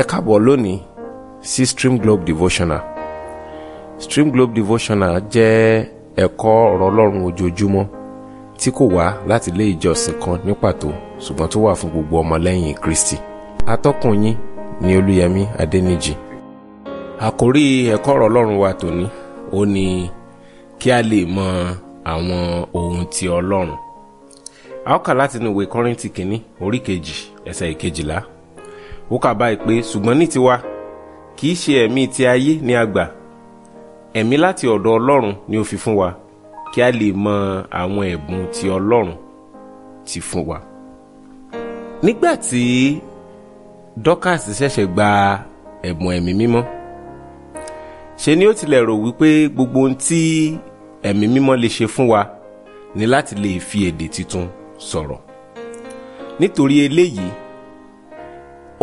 ẹ káàbọ̀ lónìí sí stream globe devotional stream globe devotional jẹ́ ẹ̀kọ́ ọ̀rọ̀ ọlọ́run ojoojúmọ́ tí kò wá láti ilé ìjọsìn kan ní pàtó ṣùgbọ́n tó wà fún gbogbo ọmọlẹ́yìn kristi atọ́kùn yín ni olúyẹmí adẹ́nìjì àkórí ẹ̀kọ́ ọ̀rọ̀ ọlọ́run wa tòní ó ní kí a lè mọ àwọn ohun ti ọlọ́run a ó kà látinú ìwé kọ́rìntì kìíní orí kejì ẹsẹ̀ ìkejìlá ó kà báyìí pé ṣùgbọ́n ní tiwa kì í ṣe ẹ̀mí ti ayé ni a gbà ẹ̀mí láti ọ̀dọ̀ ọlọ́run ni ó fi fún wa kí a lè mọ àwọn ẹ̀bùn tí ọlọ́run ti fún wa. nígbà tí Dorcas ṣẹ̀ṣẹ̀ gba ẹ̀bùn ẹ̀mí mímọ́ ṣe ni ó tilẹ̀ rò wípé gbogbo ohun tí ẹ̀mí mímọ́ lè ṣe fún wa ni láti lè fi èdè tuntun sọ̀rọ̀ nítorí eléyìí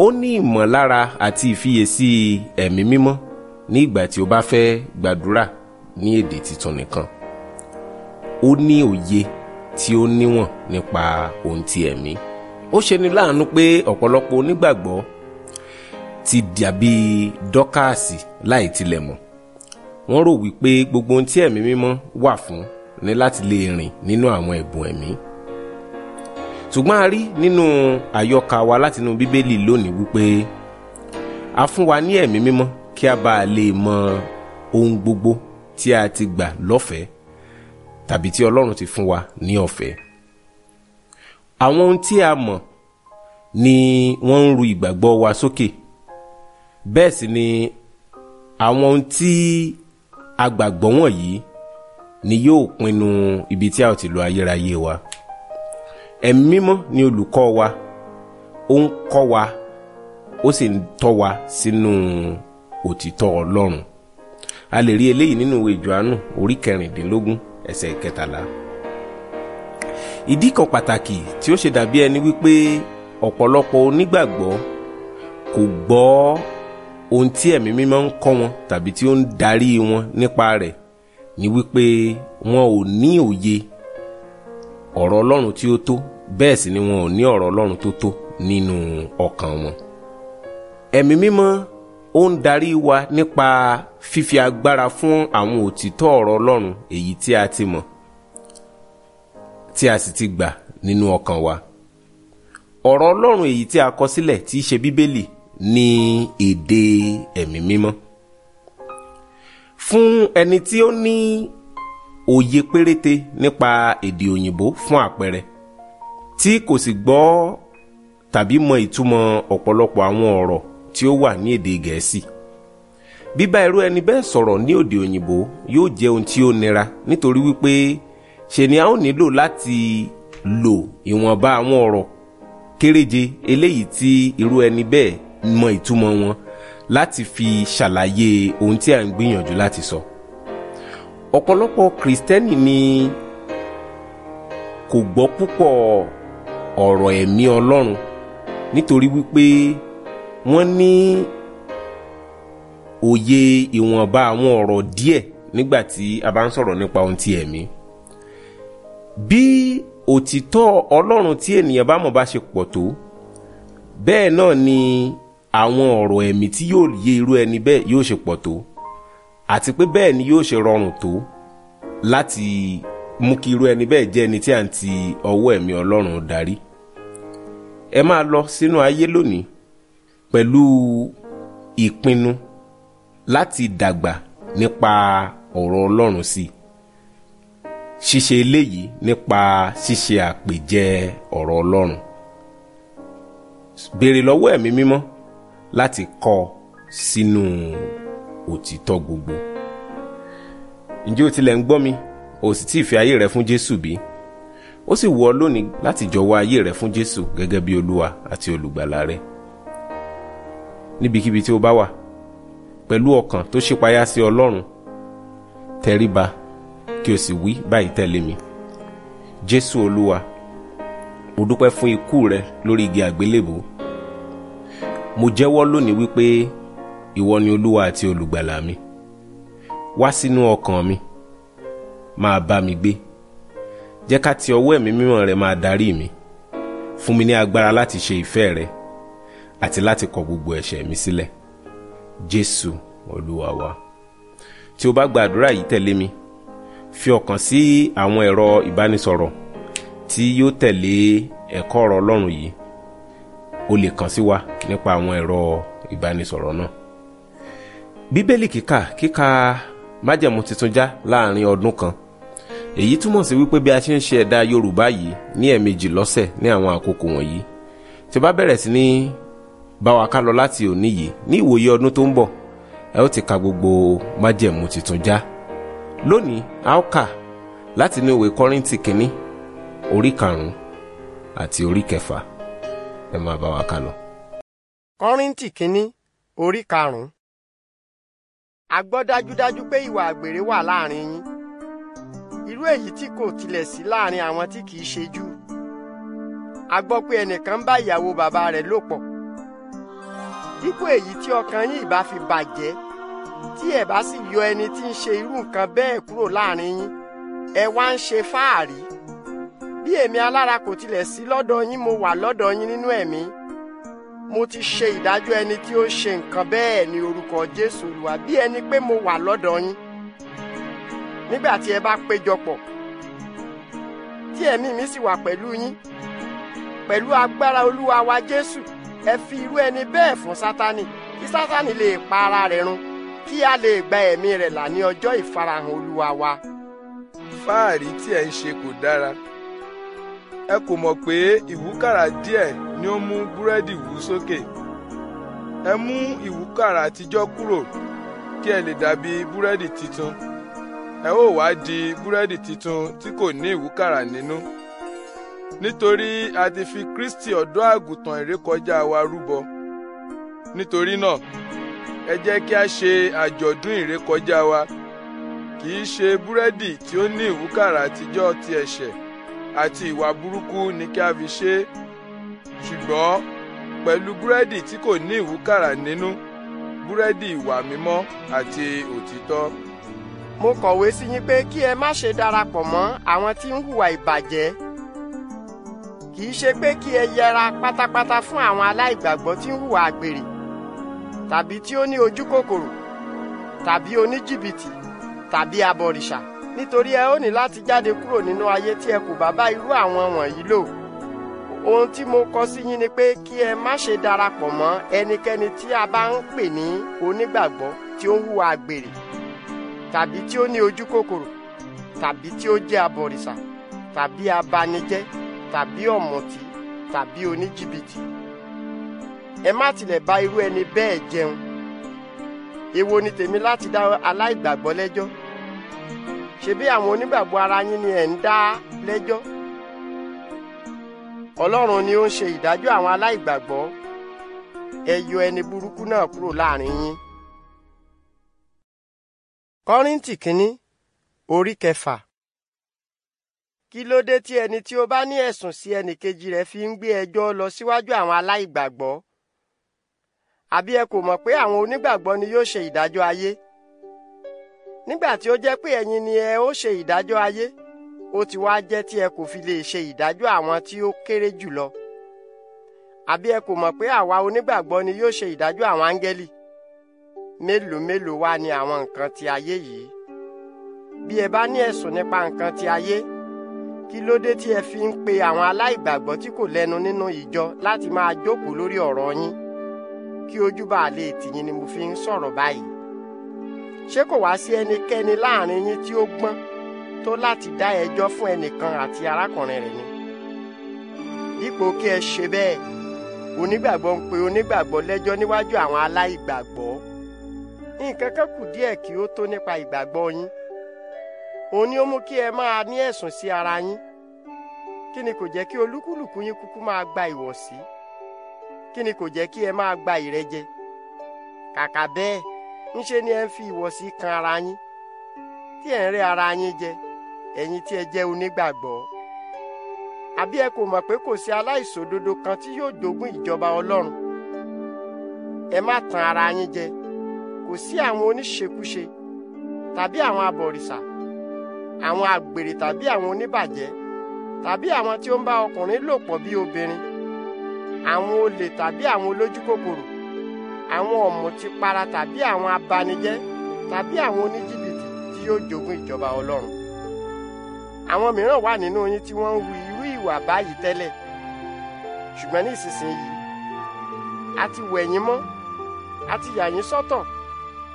ó ní ìmọ̀lára àti ìfiyèsí ẹ̀mí mímọ́ ní ìgbà tí o bá fẹ́ gbàdúrà ní èdè tuntun nìkan ó ní òye tí ó níwọ̀n nípa ohun ti ẹ̀mí ó ṣeni láàánú pé ọ̀pọ̀lọpọ̀ onígbàgbọ́ ti dàbí dọ́kàsì láì tilẹ̀ mọ̀ wọ́n rò wípé gbogbo ohun tí ẹ̀mí mímọ́ wà fún ni láti lè rìn nínú àwọn ẹ̀bùn ẹ̀mí. E ṣùgbọ́n a rí nínú àyọkà wa látinú bíbélì lónìí wípé a fún wa ní ẹ̀mí mímọ́ kí a bá lè mọ ohun gbogbo tí a ti gbà lọ́fẹ̀ẹ́ tàbí tí ọlọ́run ti fún wa ní ọ̀fẹ́ àwọn ohun tí a mọ̀ ni wọ́n ń ru ìgbàgbọ́ wa sókè bẹ́ẹ̀ sì ni àwọn ohun tí a gbàgbọ́ wọ̀nyí ni yóò pinnu ibi tí a ó ti lò ayérayé wa ẹ̀mí mímọ́ ni olùkọ́ wa ó ń kọ́ wa ó sì ń tọ́ wa sínú òtítọ́ ọlọ́run a lè rí eléyìí nínú ìwé Jòhánù orí kẹrìndínlógún ẹsẹ̀ kẹtàlá ìdí kan pàtàkì tí ó ṣe dàbí ẹni wípé ọ̀pọ̀lọpọ̀ onígbàgbọ́ kò gbọ́ ohun tí ẹ̀mí mímọ́ ń kọ́ wọn tàbí tí ó ń darí wọn nípa rẹ̀ ni wípé wọn ò ní òye ọ̀rọ̀ ọlọ́run tí ó tó bẹ́ẹ̀ sì ni wọn ò ní ọ̀rọ̀ ọlọ́run tó tó nínú ọkàn wọn. ẹ̀mí mímọ́ ó ń darí wa nípa fífi agbára fún àwọn òtítọ́ ọ̀rọ̀ ọlọ́run èyí tí a ti mọ̀ tí a sì ti gbà nínú ọkàn wa. ọ̀rọ̀ ọlọ́run èyí tí a kọ sílẹ̀ tí í ṣe bíbélì ní èdè ẹ̀mí mímọ́. fún ẹni tí ó ní òye péréte nípa èdè òyìnbó fún àpẹẹrẹ tí kò sì gbọ́ tàbí mọ ìtumọ̀ ọ̀pọ̀lọpọ̀ àwọn ọ̀rọ̀ tí ó wà ní èdè gẹ̀ẹ́sì bíbá irú ẹni bẹ́ẹ̀ sọ̀rọ̀ ní òde òyìnbó yóò jẹ́ ohun tí ó nira nítorí wípé ṣe ni a ó nílò láti lò ìwọ̀nba àwọn ọ̀rọ̀ kéréje eléyìí tí irú ẹni bẹ́ẹ̀ mọ ìtumọ̀ wọn láti fi ṣàlàyé ohun tí a ń gbìyànjú láti sọ. So ọ̀pọ̀lọpọ̀ kìrìsìtẹ́nì ni kò gbọ́ púpọ̀ ọ̀rọ̀ ẹ̀mí ọlọ́run nítorí wípé wọ́n ní òye ìwọ̀nba àwọn ọ̀rọ̀ díẹ̀ nígbà tí a bá ń sọ̀rọ̀ nípa ohun ti ẹ̀mí bí òtítọ́ ọlọ́run tí ènìyàn bá mọ̀ bá ṣe pọ̀ tó bẹ́ẹ̀ náà ni àwọn ọ̀rọ̀ ẹ̀mí tí yóò yé irú ẹni bẹ́ẹ̀ yóò ṣe pọ̀ tó àti pé bẹ́ẹ̀ ni yóò ṣe rọrùn tó láti mú kí irú ẹni bẹ́ẹ̀ jẹ́ ẹni tí à ń ti ọwọ́ ẹ̀mí Ọlọ́run darí ẹ máa lọ sínú ayé lónìí pẹ̀lú ìpinnu láti dàgbà nípa ọ̀rọ̀ Ọlọ́run sí ṣíṣe eléyìí nípa ṣíṣe àpèjẹ ọ̀rọ̀ Ọlọ́run béèrè lọ́wọ́ ẹ̀mí mímọ́ láti kọ́ sínú òtítọ́ gbogbo. ǹjẹ́ o tilẹ̀ ń gbọ́ mi o sì tí ì fi ayé rẹ fún Jésù bí? ó sì wù ọ́ lónìí láti jọ̀wọ́ ayé rẹ fún Jésù gẹ́gẹ́ bí Olúwa àti olùgbàlà rẹ. níbikíbi tí o bá wà pẹ̀lú ọkàn tó ṣípayá sí Ọlọ́run tẹríba kí o sì wí báyìí tẹ̀lé mi. Jésù Olúwa mo dúpẹ́ fún ikú rẹ lórí igi àgbélébùú mo jẹ́wọ́ lónìí wípé ìwọ ni olúwa àti olùgbàlà mi wá sínú ọkàn mi máa bá mi gbé jẹ́ ká ti ọwọ́ ẹ̀mí mímọ́ rẹ máa darí mi fún mi ní agbára láti ṣe ìfẹ́ rẹ àti láti kọ gbogbo ẹ̀ṣẹ̀ mi sílẹ̀ jésù olúwa wa tí o bá gbàdúrà yìí tẹ̀lé mi fi ọkàn sí àwọn ẹ̀rọ ìbánisọ̀rọ̀ tí yóò tẹ̀lé ẹ̀kọ́ ọ̀rọ̀ ọlọ́run yìí o lè kàn sí wa nípa àwọn ẹ̀rọ ìbánisọ̀rọ̀ náà bíbélì kíkà kíka májẹ̀mú tuntun já láàrin ọdún kan èyí túmọ̀ sí wípé bí a ṣe ń ṣe ẹ̀dà yorùbá yìí ní ẹ̀ẹ̀mejì lọ́sẹ̀ ní àwọn àkókò wọ̀nyí tí bá bẹ̀rẹ̀ sí ní bá wa ká lọ láti òní yìí ní ìwòye ọdún tó ń bọ̀ ẹ ó ti ka gbogbo májẹ̀mú tuntun já lónìí a ó kà láti ní ìwé kọ́rìntì kínní orí karùn-ún àti orí kẹfà ẹ máa bá wa ká lọ. kọ́rìntì kínní orí karùn-ún a gbọ́ dájúdájú pé ìwà àgbèrè wà láàrin yín irú èyí tí kò tilẹ̀ sí láàrin àwọn tí kìí ṣe Júù a gbọ́ pé ẹnìkan bá ìyàwó bàbá rẹ̀ lò pọ̀ dípò èyí tí ọkàn yín ìbá fi bàjẹ́ tí ẹ̀ bá sì yọ ẹni tí ń ṣe irú nǹkan bẹ́ẹ̀ kúrò láàrin yín ẹ wá ń ṣe fáàrí bí èmi alára kò tilẹ̀ sí lọ́dọ̀ yín mo wà lọ́dọ̀ yín nínú ẹ̀mí. E mo ti ṣe ìdájọ́ ẹni tí ó ṣe nǹkan bẹ́ẹ̀ ní orúkọ Jésù Olúwa bí ẹni pé mo wà lọ́dọ̀ yín nígbà tí ẹ bá péjọpọ̀ tí ẹ̀mí mi sì wà pẹ̀lú yín pẹ̀lú agbára Olúwa wa Jésù ẹ fi irú ẹni bẹ́ẹ̀ fún Sátánì kí Sátánì lè pa ara rẹ̀ run kí a lè gba ẹ̀mí rẹ̀ là ní ọjọ́ ìfarahàn Olúwa wa. fáàrí tí ẹ ń ṣe kò dára ẹ kò mọ̀ pé ìwúkàrà díẹ̀ ni ó mú búrẹ́dì wú sókè ẹ mú ìwúkàrà àtijọ́ kúrò kí ẹ lè dàbí búrẹ́dì titun ẹ ó wá di búrẹ́dì titun tí kò ní ìwúkàrà nínú nítorí a ti fi Kristi ọ̀dọ́ àgùntàn ìrékọjá wa rúbọ nítorí náà ẹ jẹ́ kí a ṣe àjọ̀dún ìrékọjá wa kì í ṣe búrẹ́dì tí ó ní ìwúkàrà àtijọ́ ti ẹ̀ṣẹ̀ àti ìwà burúkú ni kí a fi ṣe é ṣùgbọ́n pẹ̀lú búrẹ́dì tí kò ní ìwúkàrà nínú búrẹ́dì ìwà mímọ́ àti òtítọ́. mo kọ̀wé sí yín pé kí ẹ má ṣe darapọ̀ mọ́ àwọn tí ń hùwà ìbàjẹ́ kì í ṣe pé kí ẹ yẹra pátápátá fún àwọn aláìgbàgbọ́ tí ń hùwà àgbèrè tàbí tí ó ní ojú kòkòrò tàbí oníjìbìtì tàbí abọ̀rìṣà nítorí ẹ ó ní láti jáde kúrò nínú ayé tí ẹ kò bá bá irú àwọn wọ̀nyí lò ohun tí mo kọ sí yín ni pé kí ẹ má ṣe darapọ̀ mọ́ ẹnikẹ́ni tí a bá ń pè ní onígbàgbọ́ tí ó ń hùwà àgbèrè tàbí tí ó ní ojú kòkòrò tàbí tí ó jẹ́ abọ̀rìṣà tàbí abanijẹ́ tàbí ọ̀mùtí tàbí oníjìbìtì ẹ má tilẹ̀ bá irú ẹni bẹ́ẹ̀ jẹun èwo ni tèmi láti dá aláìgbàgbọ́ lẹ́jọ́ ṣebí àwọn onígbàgbọ́ ara yín ni ẹ̀ ń dá lẹ́jọ́ ọlọ́run ni ó ń ṣe ìdájọ́ àwọn aláìgbàgbọ́ ẹ yọ ẹni burúkú náà kúrò láàrin yín. kọ́ríntì kínní orí kẹfà kí ló dé tí ẹni tí o bá ní ẹ̀sùn sí ẹnìkejì rẹ̀ fi ń gbé ẹjọ́ lọ síwájú àwọn aláìgbàgbọ́ àbí ẹ kò mọ̀ pé àwọn onígbàgbọ́ ni yóò ṣe ìdájọ́ ayé nígbà tí ó jẹ́ pé ẹ̀yin ni ẹ ó ṣe ìdájọ́ ayé ó ti wá jẹ́ tí ẹ kò fi lè ṣe ìdájọ́ àwọn tí ó kéré jùlọ àbí ẹ kò mọ̀ pé àwa onígbàgbọ́ ni yóò ṣe ìdájọ́ àwọn áńgẹ́lì mélòó mélòó wá ni àwọn nǹkan ti ayé yìí bí ẹ bá ní ẹ̀sùn nípa nǹkan ti ayé kí ló dé tí ẹ fi ń pe àwọn aláìgbàgbọ́ tí kò lẹ́nu nínú ìjọ láti máa jókòó lórí ọ̀rọ̀ yín kí ojú bá lè tì yín ni mo fi ń sọ̀rọ̀ báyìí ṣé kò wá sí ẹnikẹ́ni láàrin yín tí ó gbọ́n tó láti dá ẹjọ́ fún ẹnìkan àti arákùnrin rẹ̀ ni ipò kí ẹ ṣe bẹ́ẹ̀ onígbàgbọ́ ń pe onígbàgbọ́ lẹ́jọ́ níwájú àwọn aláìgbàgbọ́ nǹkan kan kù díẹ̀ kí ó tó nípa ìgbàgbọ́ yín òun ni ó mú kí ẹ máa ní ẹ̀sùn ara yín kí ni kò jẹ́ kí olúkúlùkù yín kúkú máa gba ìwọ̀sí kí ni kò jẹ́ kí ẹ máa gba ìrẹ́jẹ kàkà bẹ́ẹ̀ ńṣe ni ẹ ń fi ìwọ̀sí kan ara yín tí ẹ ń ara yín ẹ̀yin tí ẹ jẹ́ onígbàgbọ́ àbí ẹ kò mọ̀ pé kò sí aláìṣòdodo kan tí yóò jogún ìjọba Ọlọ́run ẹ má tan ara yín jẹ kò sí àwọn oníṣekúṣe tàbí àwọn abọ̀rìṣà àwọn àgbèrè tàbí àwọn oníbàjẹ́ tàbí àwọn tí ó ń bá ọkùnrin lò pọ̀ bí obìnrin àwọn olè tàbí àwọn olójúkòkòrò àwọn ọ̀mùtípara tàbí àwọn abanijẹ́ tàbí àwọn oníjìbìtì tí yóò jogún ìjọba Ọlọ́run àwọn mìíràn wà nínú yín tí wọ́n ń wu irú ìwà báyìí tẹ́lẹ̀ ṣùgbọ́n ní ìsinsìnyí a ti wẹ̀ yín mọ́ a ti yà yín sọ́tọ̀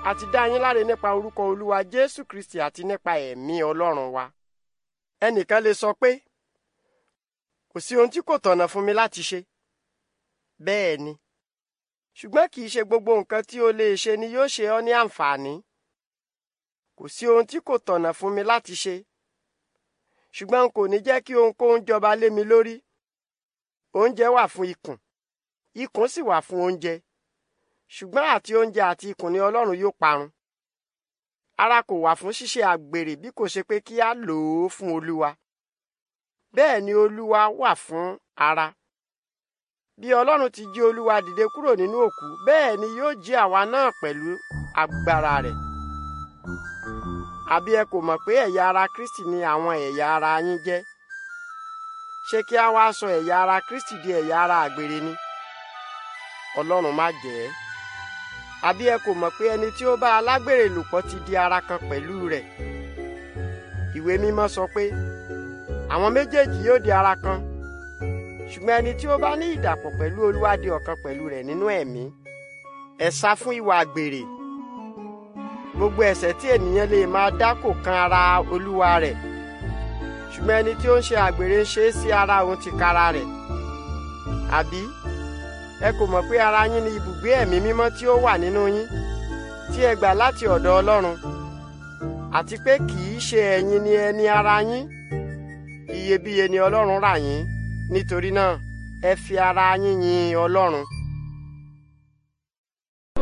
a ti dá yín láre nípa orúkọ olúwa jésù kristi àti nípa ẹ̀mí ọlọ́run wa ẹnìkan lè sọ pé kò sí ohun tí kò tọ̀nà fún mi láti ṣe bẹ́ẹ̀ ni ṣùgbọ́n kì í ṣe gbogbo nǹkan tí o lè ṣe ni yóò ṣe ọ́ ní àǹfààní kò sí ohun tí kò tọ̀nà fún mi láti ṣe ṣùgbọ́n n kò ní jẹ́ kí ohunkóhun jọba lé mi lórí oúnjẹ wà fún ikùn ikùn sì wà fún oúnjẹ ṣùgbọ́n àti oúnjẹ àti ikùn ni Ọlọ́run yóò parun ara kò wà fún ṣíṣe àgbèrè bí kò ṣe pé kí a lò ó fún Olúwa bẹ́ẹ̀ ni Olúwa wà fún ara bí Ọlọ́run ti jí Olúwa dìde kúrò nínú òkú bẹ́ẹ̀ ni yóò jí àwa náà pẹ̀lú agbára rẹ̀ àbí ẹ kò mọ̀ pé ẹ̀yà ara Kristi ni àwọn ẹ̀yà ara yín jẹ́ ṣé kí a wá sọ ẹ̀yà ara Kristi di ẹ̀yà ara àgbèrè ni Ọlọ́run má jẹ́ ẹ́ àbí ẹ kò mọ̀ pé ẹni tí ó bá alágbèrè lòpọ̀ ti di ara kan pẹ̀lú rẹ̀ ìwé mímọ́ sọ pé àwọn méjèèjì yóò di ara kan ṣùgbọ́n ẹni tí ó bá ní ìdàpọ̀ pẹ̀lú Olúwa di ọ̀kan pẹ̀lú rẹ̀ nínú ẹ̀mí ẹ fún ìwà àgbèrè gbogbo ẹ̀ṣẹ̀ tí ènìyàn lè máa dá kò kan ara olúwa rẹ̀ ṣùgbọ́n ẹni tí ó ń ṣe àgbèrè ń ṣe é sí ara òun tìkára rẹ̀ àbí ẹ kò mọ̀ pé ara yín ni ibùgbé ẹ̀mí mímọ́ tí ó wà nínú yín tí ẹ gbà láti ọ̀dọ̀ ọlọ́run àti pé kì í ṣe ẹ̀yin ni ẹni ara yín iyebíye ni ọlọ́run rà yín nítorí náà ẹ fi ara yín yin ọlọ́run